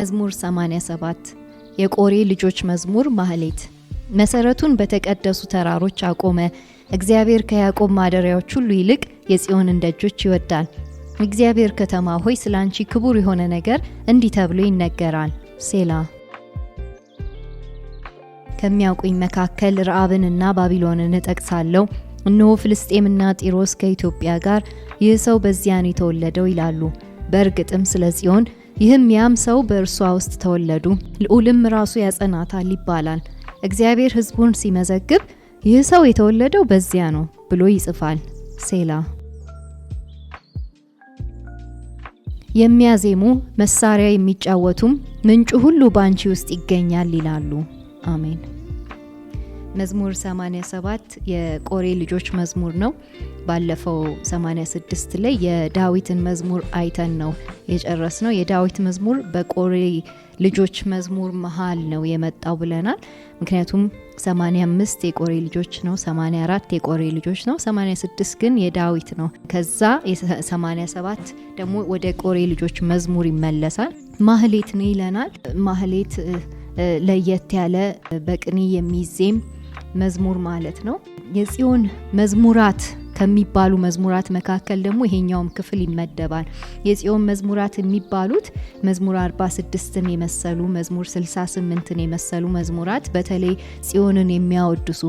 መዝሙር 87 የቆሬ ልጆች መዝሙር ማህሌት መሰረቱን በተቀደሱ ተራሮች አቆመ። እግዚአብሔር ከያዕቆብ ማደሪያዎች ሁሉ ይልቅ የጽዮንን ደጆች ይወዳል። እግዚአብሔር ከተማ ሆይ ስለ አንቺ ክቡር የሆነ ነገር እንዲህ ተብሎ ይነገራል። ሴላ ከሚያውቁኝ መካከል ረአብንና ባቢሎንን እጠቅሳለሁ። እነሆ ፍልስጤምና ጢሮስ ከኢትዮጵያ ጋር ይህ ሰው በዚያ የተወለደው ይላሉ። በእርግጥም ስለ ጽዮን ይህም ያም ሰው በእርሷ ውስጥ ተወለዱ፣ ልዑልም ራሱ ያጸናታል ይባላል። እግዚአብሔር ሕዝቡን ሲመዘግብ ይህ ሰው የተወለደው በዚያ ነው ብሎ ይጽፋል። ሴላ። የሚያዜሙ መሳሪያ የሚጫወቱም ምንጩ ሁሉ ባንቺ ውስጥ ይገኛል ይላሉ። አሜን። መዝሙር 87 የቆሬ ልጆች መዝሙር ነው። ባለፈው 86 ላይ የዳዊትን መዝሙር አይተን ነው የጨረስ ነው። የዳዊት መዝሙር በቆሬ ልጆች መዝሙር መሀል ነው የመጣው ብለናል። ምክንያቱም 85 የቆሬ ልጆች ነው፣ 84 የቆሬ ልጆች ነው፣ 86 ግን የዳዊት ነው። ከዛ የ87 ደግሞ ወደ ቆሬ ልጆች መዝሙር ይመለሳል። ማህሌት ነው ይለናል። ማህሌት ለየት ያለ በቅኔ የሚዜም መዝሙር ማለት ነው። የጽዮን መዝሙራት ከሚባሉ መዝሙራት መካከል ደግሞ ይሄኛውም ክፍል ይመደባል። የጽዮን መዝሙራት የሚባሉት መዝሙር 46ን የመሰሉ መዝሙር 68ን የመሰሉ መዝሙራት በተለይ ጽዮንን የሚያወድሱ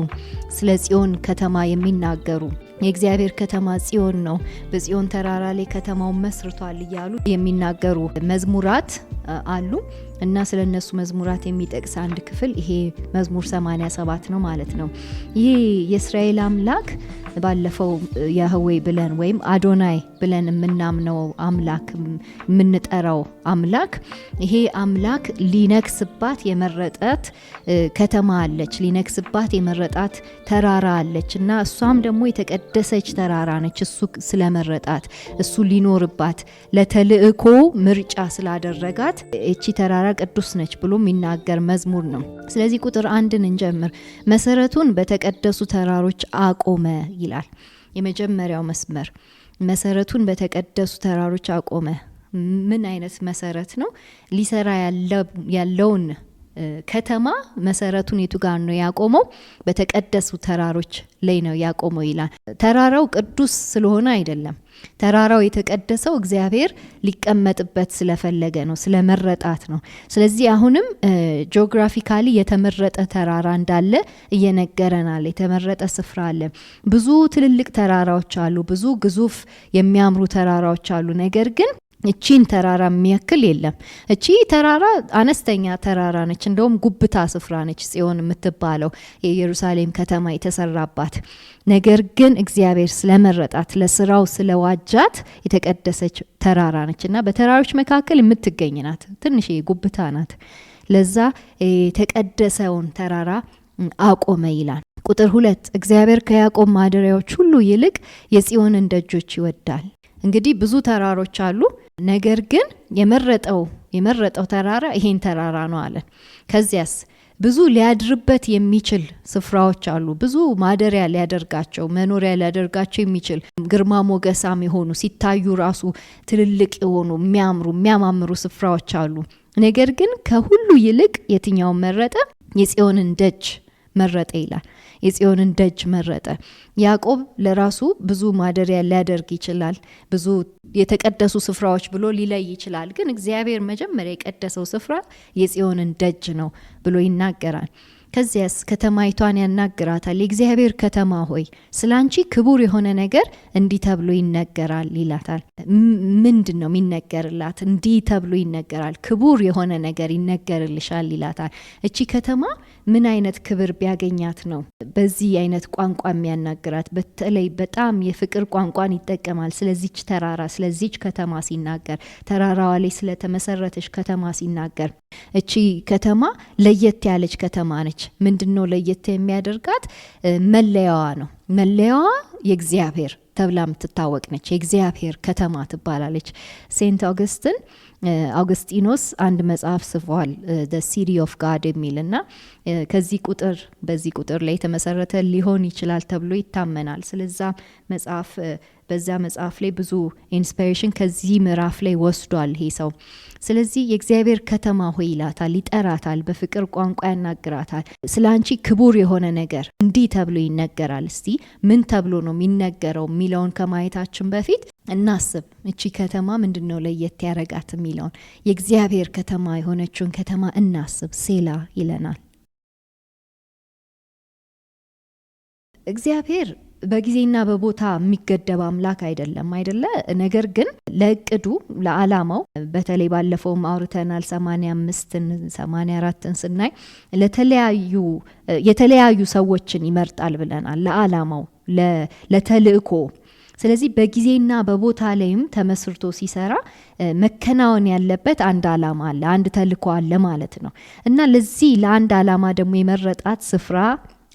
ስለ ጽዮን ከተማ የሚናገሩ የእግዚአብሔር ከተማ ጽዮን ነው፣ በጽዮን ተራራ ላይ ከተማውን መስርቷል እያሉ የሚናገሩ መዝሙራት አሉ። እና ስለ እነሱ መዝሙራት የሚጠቅስ አንድ ክፍል ይሄ መዝሙር 87 ነው ማለት ነው። ይህ የእስራኤል አምላክ ባለፈው የህዌ ብለን ወይም አዶናይ ብለን የምናምነው አምላክ የምንጠራው አምላክ ይሄ አምላክ ሊነግስባት የመረጣት ከተማ አለች፣ ሊነግስባት የመረጣት ተራራ አለች እና እሷም ደግሞ የተቀደሰች ተራራ ነች። እሱ ስለመረጣት እሱ ሊኖርባት ለተልእኮ ምርጫ ስላደረጋት እቺ ተራራ ቅዱስ ነች ብሎ የሚናገር መዝሙር ነው። ስለዚህ ቁጥር አንድን እንጀምር። መሰረቱን በተቀደሱ ተራሮች አቆመ ይላል። የመጀመሪያው መስመር መሰረቱን በተቀደሱ ተራሮች አቆመ። ምን አይነት መሰረት ነው? ሊሰራ ያለውን ከተማ መሰረቱን የቱ ጋር ነው ያቆመው? በተቀደሱ ተራሮች ላይ ነው ያቆመው ይላል። ተራራው ቅዱስ ስለሆነ አይደለም። ተራራው የተቀደሰው እግዚአብሔር ሊቀመጥበት ስለፈለገ ነው፣ ስለመረጣት ነው። ስለዚህ አሁንም ጂኦግራፊካሊ የተመረጠ ተራራ እንዳለ እየነገረናል። የተመረጠ ስፍራ አለ። ብዙ ትልልቅ ተራራዎች አሉ፣ ብዙ ግዙፍ የሚያምሩ ተራራዎች አሉ። ነገር ግን እቺን ተራራ የሚያክል የለም። እቺ ተራራ አነስተኛ ተራራ ነች። እንደውም ጉብታ ስፍራ ነች ጽዮን የምትባለው የኢየሩሳሌም ከተማ የተሰራባት። ነገር ግን እግዚአብሔር ስለመረጣት ለስራው ስለዋጃት የተቀደሰች ተራራ ነች እና በተራሮች መካከል የምትገኝ ናት። ትንሽ ጉብታ ናት። ለዛ የተቀደሰውን ተራራ አቆመ ይላል። ቁጥር ሁለት እግዚአብሔር ከያዕቆብ ማደሪያዎች ሁሉ ይልቅ የጽዮንን ደጆች ይወዳል። እንግዲህ ብዙ ተራሮች አሉ። ነገር ግን የመረጠው የመረጠው ተራራ ይሄን ተራራ ነው አለን። ከዚያስ ብዙ ሊያድርበት የሚችል ስፍራዎች አሉ። ብዙ ማደሪያ ሊያደርጋቸው መኖሪያ ሊያደርጋቸው የሚችል ግርማ ሞገሳም የሆኑ ሲታዩ ራሱ ትልልቅ የሆኑ የሚያምሩ የሚያማምሩ ስፍራዎች አሉ። ነገር ግን ከሁሉ ይልቅ የትኛውን መረጠ? የጽዮንን ደጅ መረጠ ይላል። የጽዮንን ደጅ መረጠ። ያዕቆብ ለራሱ ብዙ ማደሪያ ሊያደርግ ይችላል፣ ብዙ የተቀደሱ ስፍራዎች ብሎ ሊለይ ይችላል። ግን እግዚአብሔር መጀመሪያ የቀደሰው ስፍራ የጽዮንን ደጅ ነው ብሎ ይናገራል። ከዚያስ ከተማይቷን ያናግራታል። የእግዚአብሔር ከተማ ሆይ ስለ አንቺ ክቡር የሆነ ነገር እንዲህ ተብሎ ይነገራል ይላታል። ምንድን ነው የሚነገርላት? እንዲህ ተብሎ ይነገራል፣ ክቡር የሆነ ነገር ይነገርልሻል ይላታል። እቺ ከተማ ምን አይነት ክብር ቢያገኛት ነው በዚህ አይነት ቋንቋ የሚያናግራት? በተለይ በጣም የፍቅር ቋንቋን ይጠቀማል። ስለዚች ተራራ፣ ስለዚች ከተማ ሲናገር፣ ተራራዋ ላይ ስለተመሰረተች ከተማ ሲናገር፣ እቺ ከተማ ለየት ያለች ከተማ ነች። ምንድን ነው ለየት የሚያደርጋት? መለያዋ ነው መለያዋ የእግዚአብሔር ተብላ የምትታወቅ ነች። የእግዚአብሔር ከተማ ትባላለች። ሴንት አውግስትን አውግስጢኖስ አንድ መጽሐፍ ጽፏል ደ ሲሪ ኦፍ ጋድ የሚል እና ከዚህ ቁጥር በዚህ ቁጥር ላይ የተመሰረተ ሊሆን ይችላል ተብሎ ይታመናል። ስለዛ መጽሐፍ በዛ መጽሐፍ ላይ ብዙ ኢንስፓሬሽን ከዚህ ምዕራፍ ላይ ወስዷል ይሄ ሰው። ስለዚህ የእግዚአብሔር ከተማ ሆይ ይላታል፣ ይጠራታል፣ በፍቅር ቋንቋ ያናግራታል። ስለ አንቺ ክቡር የሆነ ነገር እንዲህ ተብሎ ይነገራል። እስቲ ምን ተብሎ ነው የሚነገረው የሚለውን ከማየታችን በፊት እናስብ። እቺ ከተማ ምንድን ነው ለየት ያረጋት የሚለውን የእግዚአብሔር ከተማ የሆነችውን ከተማ እናስብ። ሴላ ይለናል እግዚአብሔር በጊዜና በቦታ የሚገደብ አምላክ አይደለም አይደለ። ነገር ግን ለእቅዱ ለአላማው፣ በተለይ ባለፈውም አውርተናል 85ን 84ን ስናይ ለተለያዩ የተለያዩ ሰዎችን ይመርጣል ብለናል ለአላማው ለተልእኮ ስለዚህ በጊዜና በቦታ ላይም ተመስርቶ ሲሰራ መከናወን ያለበት አንድ አላማ አለ፣ አንድ ተልእኮ አለ ማለት ነው እና ለዚህ ለአንድ አላማ ደግሞ የመረጣት ስፍራ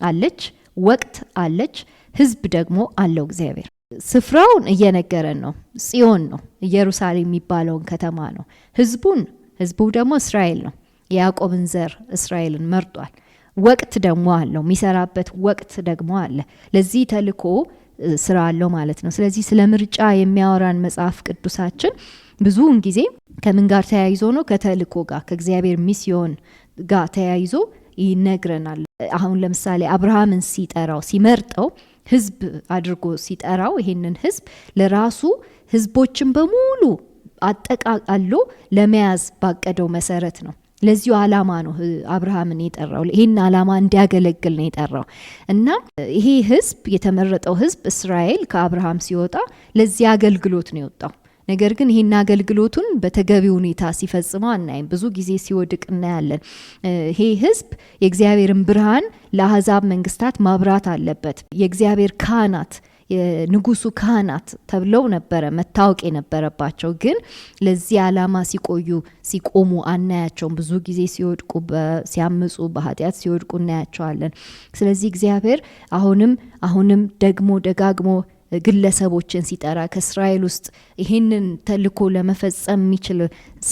አለች፣ ወቅት አለች። ህዝብ ደግሞ አለው እግዚአብሔር። ስፍራውን እየነገረን ነው። ጽዮን ነው፣ ኢየሩሳሌም የሚባለውን ከተማ ነው። ህዝቡን ህዝቡ ደግሞ እስራኤል ነው። የያዕቆብን ዘር እስራኤልን መርጧል። ወቅት ደግሞ አለው፣ የሚሰራበት ወቅት ደግሞ አለ። ለዚህ ተልኮ ስራ አለው ማለት ነው። ስለዚህ ስለ ምርጫ የሚያወራን መጽሐፍ ቅዱሳችን ብዙውን ጊዜ ከምን ጋር ተያይዞ ነው? ከተልኮ ጋር ከእግዚአብሔር ሚስዮን ጋር ተያይዞ ይነግረናል። አሁን ለምሳሌ አብርሃምን ሲጠራው ሲመርጠው ህዝብ አድርጎ ሲጠራው ይሄንን ህዝብ ለራሱ ህዝቦችን በሙሉ አጠቃቃሎ ለመያዝ ባቀደው መሰረት ነው። ለዚሁ አላማ ነው አብርሃምን የጠራው። ይህን አላማ እንዲያገለግል ነው የጠራው እና ይሄ ህዝብ የተመረጠው ህዝብ እስራኤል ከአብርሃም ሲወጣ ለዚህ አገልግሎት ነው የወጣው። ነገር ግን ይህን አገልግሎቱን በተገቢ ሁኔታ ሲፈጽመው አናይም። ብዙ ጊዜ ሲወድቅ እናያለን። ይሄ ህዝብ የእግዚአብሔርን ብርሃን ለአህዛብ መንግስታት ማብራት አለበት። የእግዚአብሔር ካህናት የንጉሱ ካህናት ተብለው ነበረ መታወቅ የነበረባቸው ግን ለዚህ ዓላማ ሲቆዩ ሲቆሙ አናያቸውም። ብዙ ጊዜ ሲወድቁ፣ ሲያምፁ፣ በኃጢአት ሲወድቁ እናያቸዋለን። ስለዚህ እግዚአብሔር አሁንም አሁንም ደግሞ ደጋግሞ ግለሰቦችን ሲጠራ ከእስራኤል ውስጥ ይህንን ተልእኮ ለመፈጸም የሚችል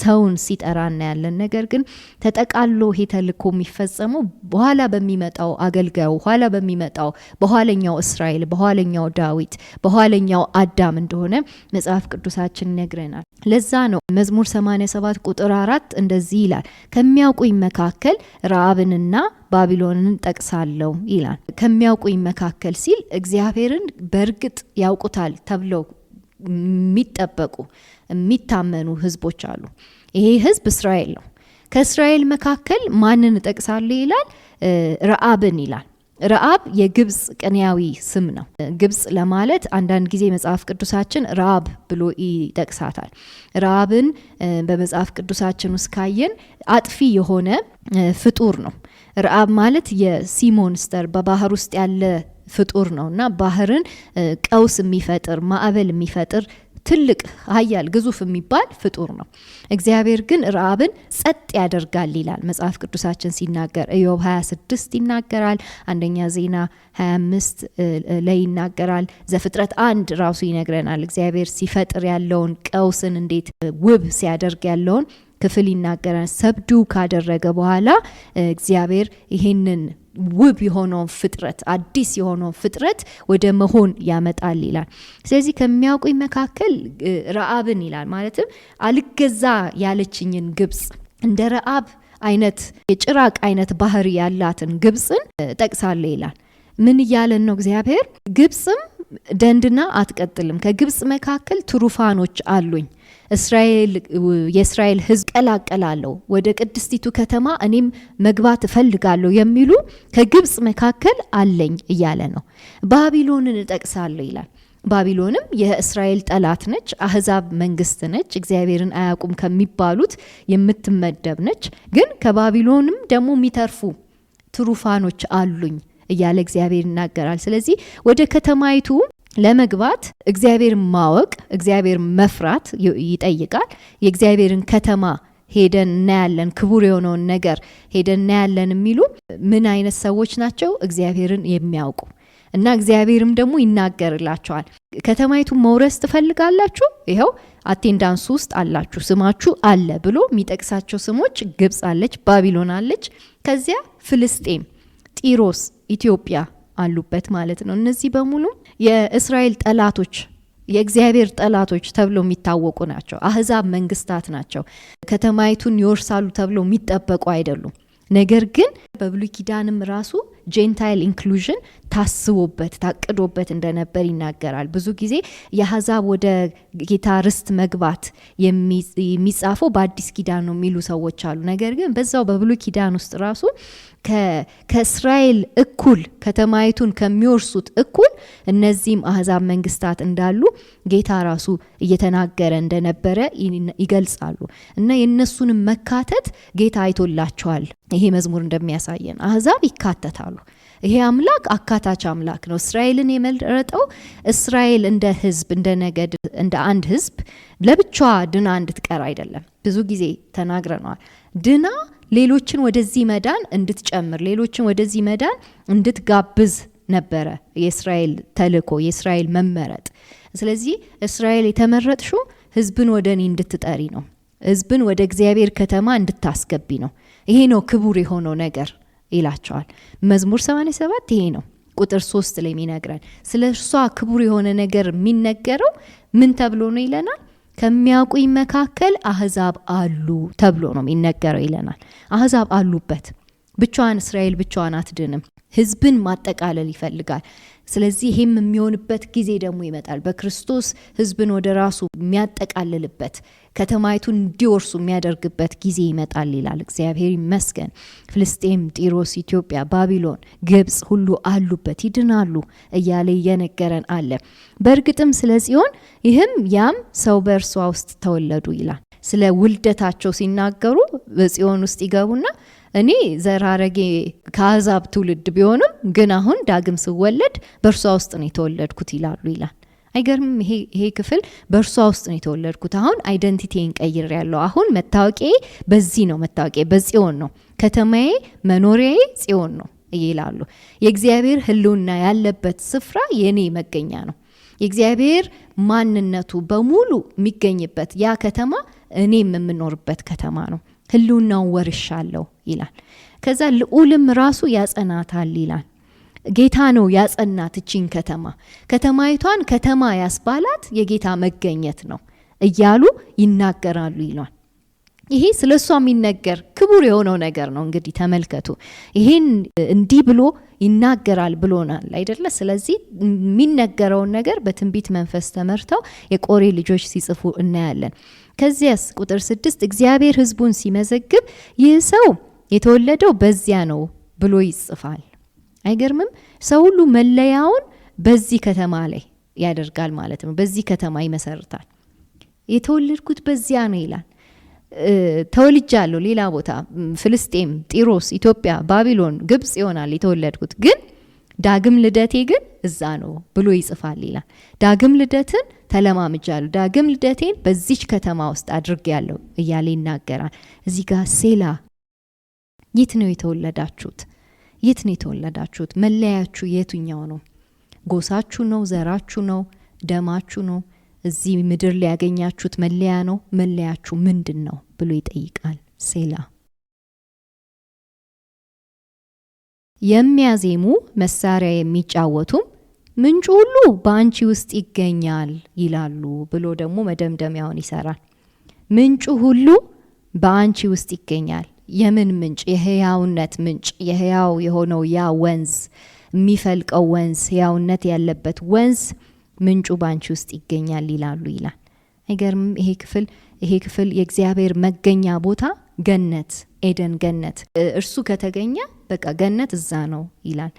ሰውን ሲጠራ እናያለን። ነገር ግን ተጠቃሎ ይሄ ተልእኮ የሚፈጸመው በኋላ በሚመጣው አገልጋዩ ኋላ በሚመጣው በኋለኛው እስራኤል፣ በኋለኛው ዳዊት፣ በኋለኛው አዳም እንደሆነ መጽሐፍ ቅዱሳችን ይነግረናል። ለዛ ነው መዝሙር 87 ቁጥር አራት እንደዚህ ይላል ከሚያውቁኝ መካከል ረአብንና ባቢሎንን ጠቅሳለሁ ይላል። ከሚያውቁኝ መካከል ሲል እግዚአብሔርን በእርግጥ ያውቁታል ተብለው የሚጠበቁ የሚታመኑ ህዝቦች አሉ። ይሄ ህዝብ እስራኤል ነው። ከእስራኤል መካከል ማንን እጠቅሳለሁ ይላል? ረአብን ይላል። ረአብ የግብፅ ቅንያዊ ስም ነው። ግብፅ ለማለት አንዳንድ ጊዜ መጽሐፍ ቅዱሳችን ረአብ ብሎ ይጠቅሳታል። ረአብን በመጽሐፍ ቅዱሳችን ውስጥ ካየን አጥፊ የሆነ ፍጡር ነው። ረአብ ማለት የሲ ሞንስተር በባህር ውስጥ ያለ ፍጡር ነው እና ባህርን ቀውስ የሚፈጥር ማዕበል የሚፈጥር ትልቅ ኃያል ግዙፍ የሚባል ፍጡር ነው። እግዚአብሔር ግን ረአብን ጸጥ ያደርጋል ይላል መጽሐፍ ቅዱሳችን ሲናገር ኢዮብ 26 ይናገራል፣ አንደኛ ዜና 25 ላይ ይናገራል። ዘፍጥረት አንድ ራሱ ይነግረናል እግዚአብሔር ሲፈጥር ያለውን ቀውስን እንዴት ውብ ሲያደርግ ያለውን ክፍል ይናገራል። ሰብዱ ካደረገ በኋላ እግዚአብሔር ይህንን ውብ የሆነውን ፍጥረት አዲስ የሆነውን ፍጥረት ወደ መሆን ያመጣል ይላል። ስለዚህ ከሚያውቁኝ መካከል ረአብን ይላል ማለትም አልገዛ ያለችኝን ግብጽ እንደ ረአብ አይነት የጭራቅ አይነት ባህሪ ያላትን ግብጽን ጠቅሳለ ይላል። ምን እያለን ነው እግዚአብሔር ግብጽም ደንድና አትቀጥልም። ከግብፅ መካከል ትሩፋኖች አሉኝ እስራኤል የእስራኤል ሕዝብ ቀላቀላለሁ ወደ ቅድስቲቱ ከተማ እኔም መግባት እፈልጋለሁ የሚሉ ከግብጽ መካከል አለኝ እያለ ነው። ባቢሎንን እጠቅሳለሁ ይላል። ባቢሎንም የእስራኤል ጠላት ነች፣ አህዛብ መንግስት ነች፣ እግዚአብሔርን አያውቁም ከሚባሉት የምትመደብ ነች። ግን ከባቢሎንም ደግሞ የሚተርፉ ትሩፋኖች አሉኝ እያለ እግዚአብሔር ይናገራል። ስለዚህ ወደ ከተማይቱ ለመግባት እግዚአብሔር ማወቅ፣ እግዚአብሔር መፍራት ይጠይቃል። የእግዚአብሔርን ከተማ ሄደን እናያለን፣ ክቡር የሆነውን ነገር ሄደን እናያለን የሚሉ ምን አይነት ሰዎች ናቸው? እግዚአብሔርን የሚያውቁ እና እግዚአብሔርም ደግሞ ይናገርላቸዋል። ከተማይቱ መውረስ ትፈልጋላችሁ፣ ይኸው አቴንዳንስ ውስጥ አላችሁ፣ ስማችሁ አለ ብሎ የሚጠቅሳቸው ስሞች ግብፅ አለች፣ ባቢሎን አለች፣ ከዚያ ፍልስጤም፣ ጢሮስ ኢትዮጵያ አሉበት ማለት ነው። እነዚህ በሙሉ የእስራኤል ጠላቶች የእግዚአብሔር ጠላቶች ተብለው የሚታወቁ ናቸው። አህዛብ መንግስታት ናቸው። ከተማይቱን ይወርሳሉ ተብለው የሚጠበቁ አይደሉም። ነገር ግን በብሉይ ኪዳንም ራሱ ጄንታይል ኢንክሉዥን ታስቦበት ታቅዶበት እንደነበር ይናገራል። ብዙ ጊዜ የአህዛብ ወደ ጌታ ርስት መግባት የሚጻፈው በአዲስ ኪዳን ነው የሚሉ ሰዎች አሉ። ነገር ግን በዛው በብሉይ ኪዳን ውስጥ ራሱ ከእስራኤል እኩል ከተማይቱን ከሚወርሱት እኩል እነዚህም አህዛብ መንግስታት እንዳሉ ጌታ ራሱ እየተናገረ እንደነበረ ይገልጻሉ እና የእነሱንም መካተት ጌታ አይቶላቸዋል። ይሄ መዝሙር እንደሚያሳየን አህዛብ ይካተታሉ። ይሄ አምላክ አካታች አምላክ ነው። እስራኤልን የመረጠው እስራኤል እንደ ህዝብ፣ እንደ ነገድ፣ እንደ አንድ ህዝብ ለብቻዋ ድና እንድትቀር አይደለም። ብዙ ጊዜ ተናግረነዋል። ድና ሌሎችን ወደዚህ መዳን እንድትጨምር ሌሎችን ወደዚህ መዳን እንድትጋብዝ ነበረ የእስራኤል ተልእኮ፣ የእስራኤል መመረጥ። ስለዚህ እስራኤል የተመረጥሹ ህዝብን ወደ እኔ እንድትጠሪ ነው። ህዝብን ወደ እግዚአብሔር ከተማ እንድታስገቢ ነው። ይሄ ነው ክቡር የሆነው ነገር ይላቸዋል። መዝሙር 87 ይሄ ነው ቁጥር 3 ላይ የሚነግረን ስለ እርሷ ክቡር የሆነ ነገር የሚነገረው ምን ተብሎ ነው ይለናል? ከሚያውቁኝ መካከል አህዛብ አሉ ተብሎ ነው የሚነገረው ይለናል። አህዛብ አሉበት። ብቻዋን እስራኤል ብቻዋን አትድንም። ህዝብን ማጠቃለል ይፈልጋል። ስለዚህ ይህም የሚሆንበት ጊዜ ደግሞ ይመጣል። በክርስቶስ ህዝብን ወደ ራሱ የሚያጠቃልልበት ከተማይቱን እንዲወርሱ የሚያደርግበት ጊዜ ይመጣል ይላል። እግዚአብሔር ይመስገን። ፍልስጤም፣ ጢሮስ፣ ኢትዮጵያ፣ ባቢሎን፣ ግብጽ ሁሉ አሉበት፣ ይድናሉ እያለ እየነገረን አለ። በእርግጥም ስለ ጽዮን ይህም ያም ሰው በእርሷ ውስጥ ተወለዱ ይላል። ስለ ውልደታቸው ሲናገሩ በጽዮን ውስጥ ይገቡና እኔ ዘራረጌ ከአሕዛብ ትውልድ ቢሆንም ግን አሁን ዳግም ስወለድ በእርሷ ውስጥ ነው የተወለድኩት ይላሉ ይላል። አይገርም? ይሄ ክፍል በእርሷ ውስጥ ነው የተወለድኩት። አሁን አይደንቲቲን ቀይር ያለው አሁን መታወቂያ በዚህ ነው። መታወቂያ በጽዮን ነው። ከተማዬ፣ መኖሪያዬ ጽዮን ነው ይላሉ። የእግዚአብሔር ሕልውና ያለበት ስፍራ የኔ መገኛ ነው። የእግዚአብሔር ማንነቱ በሙሉ የሚገኝበት ያ ከተማ እኔ የምኖርበት ከተማ ነው። ህልውናውን ወርሻለሁ ይላል። ከዛ ልዑልም ራሱ ያጸናታል ይላል። ጌታ ነው ያጸናት እቺን ከተማ። ከተማይቷን ከተማ ያስባላት የጌታ መገኘት ነው እያሉ ይናገራሉ ይሏል። ይሄ ስለ እሷ የሚነገር ክቡር የሆነው ነገር ነው። እንግዲህ ተመልከቱ፣ ይሄን እንዲህ ብሎ ይናገራል ብሎናል አይደለ? ስለዚህ የሚነገረውን ነገር በትንቢት መንፈስ ተመርተው የቆሬ ልጆች ሲጽፉ እናያለን። ከዚያስ ቁጥር ስድስት እግዚአብሔር ሕዝቡን ሲመዘግብ ይህ ሰው የተወለደው በዚያ ነው ብሎ ይጽፋል። አይገርምም? ሰው ሁሉ መለያውን በዚህ ከተማ ላይ ያደርጋል ማለት ነው። በዚህ ከተማ ይመሰርታል። የተወለድኩት በዚያ ነው ይላል። ተወልጃለሁ ሌላ ቦታ ፍልስጤም፣ ጢሮስ፣ ኢትዮጵያ፣ ባቢሎን፣ ግብጽ ይሆናል የተወለድኩት ግን ዳግም ልደቴ ግን እዛ ነው ብሎ ይጽፋል ይላል። ዳግም ልደትን ተለማምጃለሁ፣ ዳግም ልደቴን በዚች ከተማ ውስጥ አድርጌያለሁ እያለ ይናገራል። እዚህ ጋር ሴላ፣ የት ነው የተወለዳችሁት? የት ነው የተወለዳችሁት? መለያችሁ የቱኛው ነው? ጎሳችሁ ነው? ዘራችሁ ነው? ደማችሁ ነው? እዚህ ምድር ሊያገኛችሁት መለያ ነው። መለያችሁ ምንድን ነው? ብሎ ይጠይቃል። ሴላ የሚያዜሙ መሳሪያ የሚጫወቱም ምንጩ ሁሉ በአንቺ ውስጥ ይገኛል ይላሉ ብሎ ደግሞ መደምደሚያውን ይሰራል። ምንጩ ሁሉ በአንቺ ውስጥ ይገኛል። የምን ምንጭ? የህያውነት ምንጭ። የህያው የሆነው ያ ወንዝ የሚፈልቀው ወንዝ ህያውነት ያለበት ወንዝ ምንጩ በአንቺ ውስጥ ይገኛል ይላሉ ይላል። አይገርም? ይሄ ክፍል ይሄ ክፍል የእግዚአብሔር መገኛ ቦታ ገነት፣ ኤደን ገነት፣ እርሱ ከተገኘ በቃ ገነት እዛ ነው ይላል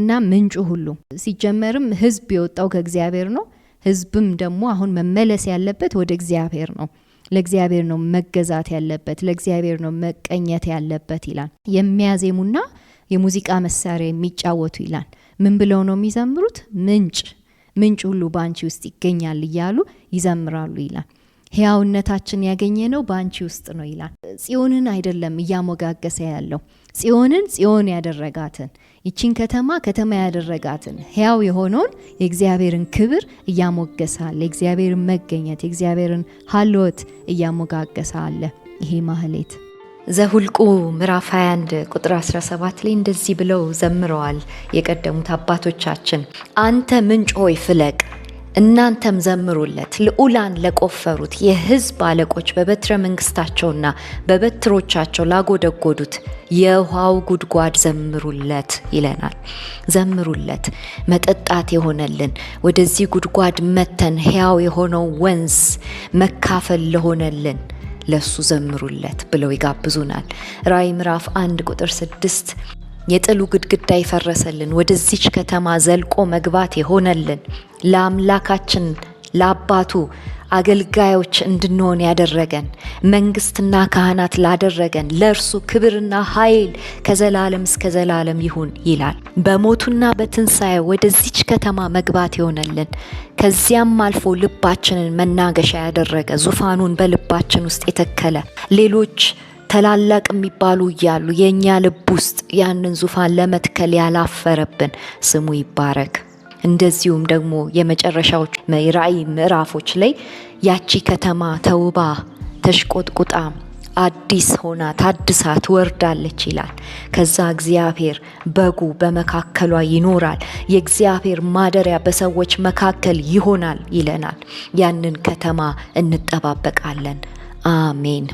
እና ምንጩ ሁሉ ሲጀመርም ህዝብ የወጣው ከእግዚአብሔር ነው። ህዝብም ደግሞ አሁን መመለስ ያለበት ወደ እግዚአብሔር ነው። ለእግዚአብሔር ነው መገዛት ያለበት፣ ለእግዚአብሔር ነው መቀኘት ያለበት ይላል። የሚያዜሙና የሙዚቃ መሳሪያ የሚጫወቱ ይላል። ምን ብለው ነው የሚዘምሩት? ምንጭ ምንጭ ሁሉ በአንቺ ውስጥ ይገኛል እያሉ ይዘምራሉ ይላል። ሕያውነታችን ያገኘ ነው በአንቺ ውስጥ ነው ይላል። ጽዮንን አይደለም እያሞጋገሰ ያለው ጽዮንን ጽዮን ያደረጋትን ይቺን ከተማ ከተማ ያደረጋትን ሕያው የሆነውን የእግዚአብሔርን ክብር እያሞገሳለ የእግዚአብሔርን መገኘት የእግዚአብሔርን ሀልወት እያሞጋገሰ አለ ይሄ ማህሌት። ዘሁልቁ ምዕራፍ 21 ቁጥር 17 ላይ እንደዚህ ብለው ዘምረዋል የቀደሙት አባቶቻችን አንተ ምንጭ ሆይ ፍለቅ እናንተም ዘምሩለት ልዑላን ለቆፈሩት የሕዝብ አለቆች በበትረ መንግስታቸውና በበትሮቻቸው ላጎደጎዱት የውሃው ጉድጓድ ዘምሩለት ይለናል። ዘምሩለት መጠጣት የሆነልን ወደዚህ ጉድጓድ መተን ሕያው የሆነው ወንዝ መካፈል ለሆነልን ለሱ ዘምሩለት ብለው ይጋብዙናል። ራእይ ምዕራፍ አንድ ቁጥር ስድስት የጥሉ ግድግዳ የፈረሰልን ወደዚች ከተማ ዘልቆ መግባት የሆነልን ለአምላካችን ለአባቱ አገልጋዮች እንድንሆን ያደረገን መንግስትና ካህናት ላደረገን ለእርሱ ክብርና ኃይል ከዘላለም እስከ ዘላለም ይሁን ይላል። በሞቱና በትንሣኤ ወደዚች ከተማ መግባት የሆነልን ከዚያም አልፎ ልባችንን መናገሻ ያደረገ ዙፋኑን በልባችን ውስጥ የተከለ ሌሎች ተላላቅ የሚባሉ እያሉ የእኛ ልብ ውስጥ ያንን ዙፋን ለመትከል ያላፈረብን ስሙ ይባረክ። እንደዚሁም ደግሞ የመጨረሻዎች ራእይ ምዕራፎች ላይ ያቺ ከተማ ተውባ ተሽቆጥቁጣ አዲስ ሆና ታድሳ ትወርዳለች ይላል። ከዛ እግዚአብሔር በጉ በመካከሏ ይኖራል፣ የእግዚአብሔር ማደሪያ በሰዎች መካከል ይሆናል ይለናል። ያንን ከተማ እንጠባበቃለን። አሜን።